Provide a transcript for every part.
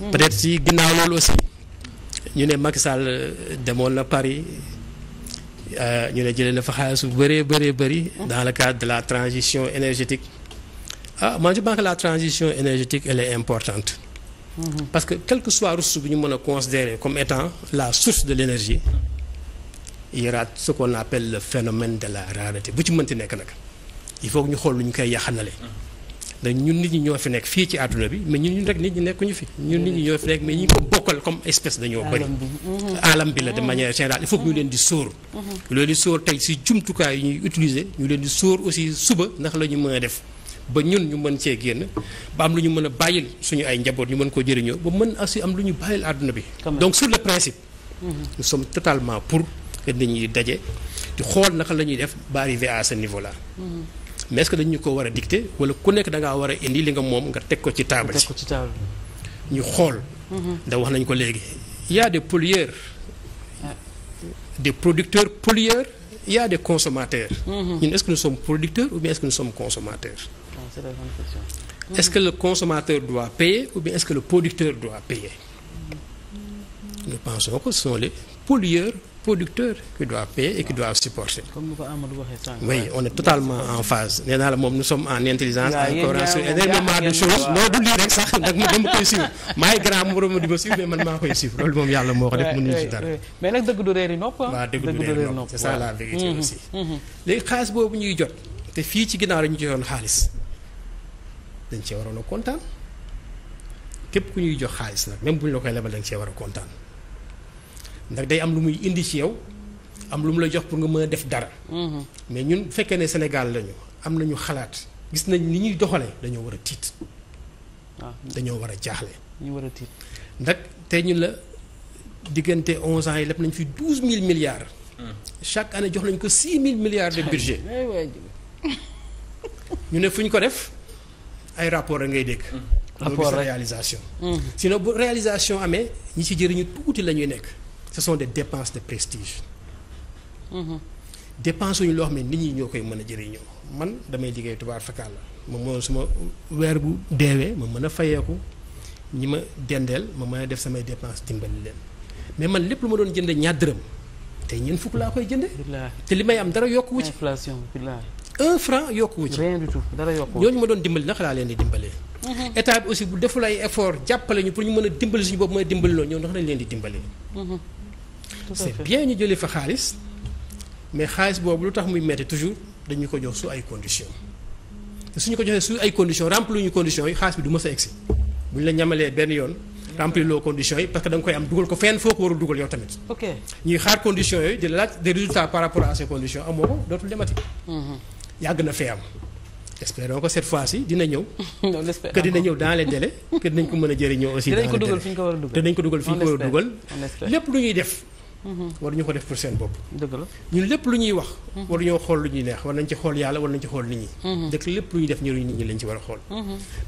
Hmm. peut-être si ginnaaw loolu aussi ñu ne Macky Sall euh, demoon na Paris euh, ñu ne jëlee na fa xaalis bu bëree bëree bëri. dans le cadre de la transition énergétique ah man je pense la transition énergétique elle est importante. Hmm. parce que quelle que soit bu ñu mën a considérer comme étant la source de l'énergie il y aura ce appelle le phénomène de la rareté bu ci mënti nekk nag il faut ñu xool lu ñu koy yaxanale. dañ ñun nit ñi ñoo fi nekk fii ci àdduna bi mais ñun ñun rek nit ñu nekkuñu fi ñun nit ñi ñoo fi nekk mais ñi ko bokkal comme espèce dañoo bëri mhm. alam bi la de mhm. manière il faut ñu leen di sóor ñu mhm. leen di sóor tey si jumtukaay ñu ñuy ñu leen di soor aussi suba ndax la ñu mën a def ba ñun ñu mën see génn ba am lu ñu mën a bàyyil suñu ay njaboot ñu mën koo jëriñoo ba mën aussi am lu ñu bàyyil àdduna bi donc sur le principe nous sommes totalement pour que nit ñi di xool naka la ñuy def ba arriver à ce mais que dañu ko war a dicter wala ku nekk da war a indi li nga moom nga teg ko ci table ci ñu xool. Mhm. da wax nañ ko léegi yaa y a des pollueurs. des producteurs pollueurs il des consommateurs. Mhm. ñun est-ce que nous sommes producteurs ou bien est-ce que nous sommes la bonne question. Mhm. est-ce que le consommateur doit payer ou bien est-ce que le producteur doit payer. nous pensons que ce sont les producteurs qui doivent payer et qui doivent supporter. comme oui on est totalement en phase nee naa la moom nous sommes en intelligence. en cohérence sur énormément de choses non du lii rek sax nag ma dama koy suivre maay grand moom ma di ma suivre mais man maa koy suivre loolu moom yàlla moo ko def mënuñu si dara. mais nag dëgg du réeri nopp ah. dëgg du réeri nopp c'est ça la vérité mm-hmm, aussi. Mm-hmm. léegi xaalis boobu ñuy jot te fii ci ginnaaw dañu jotoon xaalis dañ cee waroon a kontaan képp ku ñuy jox xaalis nag même bu ñu la koy lebal dañ cee war a kontaan. ndax day am lu muy indi ci yow am lu mu la jox pour nga mën a def dara. Mm-hmm. mais ñun fekkee ne Sénégal lañu am na ñu xalaat gis nañ ni ñuy doxalee dañoo war a tiit. waaw ah. dañoo war a jaaxle. ñu war a tiit ndax tey ñun la diggante onze ans yi lépp nañ fi douze mille milliards. Mm. chaque année jox nañ ko six mille milliards de budget ñu ne fu ñu ko def ay rapport a ngay dégg. Mm. rapport réalisation. Mm. sinon bu réalisation amee ñi ci jëriñu tuuti la ñuy nekk. ce sont des dépenses de prestige. Mm-hmm. dépense ñu loo xam ne nit ñi ñoo koy mën a jëriñoo man damay liggéey tubaar fakkaal la ma moom suma weer bu deewee ma mën a fayeeku ñi ma dendeel ma mën a def samay dépense dimbali leen mais man lépp lu ma doon jënde ñaar dërëm te ñeent fukk laa koy jënde te li may am dara yokkuwu ci inflation un franc yokkuwu ci rien du tout dara yokkuwu ñooñu ma doon dimbali naka laa leen di dimbalee mm-hmm. état aussi bu deful ay effort jàppale ñu pour ñu mën a dimbali suñu bopp mën a ñoo ndax nañ leen di dimbalee mm-hmm. c'est bien ñu jëlee fa xaalis mais xaalis boobu lu tax muy metti toujours dañu ko jox su ay condition te suñu ko joxee su ay conditions remplir ñu conditions yi xaalis bi du mës a egsi bu ñu la ñamalee benn yoon remplir yi parce que da nga koy am dugal foo ko dugal yow tamit. ok ñuy xaar conditions yooyu di laaj des résultats par mhm. na fee am. espérons que cette fois-ci dina ñëw. que dina ñëw dans les délais. dinañ ko mën a jëriñoo aussi. dans les délais dinañ ko dugal fi ñu ko war ko dugal fi ñu ko war a dugal. lépp lu ñuy def. Mm-hmm. waruñu ko def pour seen bopp. dëgg lépp lu ñuy wax. Mm-hmm. waruñoo xool lu ñuy neex war nañ ci xool yàlla war nañ ci xool nit ñi. Mm-hmm. lépp lu ñuy def njëriñ nit ñi lañ ci war a xool.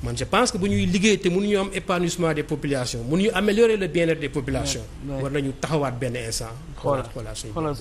man je pense bu ñuy liggéey te mënuñu am épanouissement des populations mënuñu améliorer le bien-être des populations. war nañu taxawaat benn instant. xoolaat xoolaat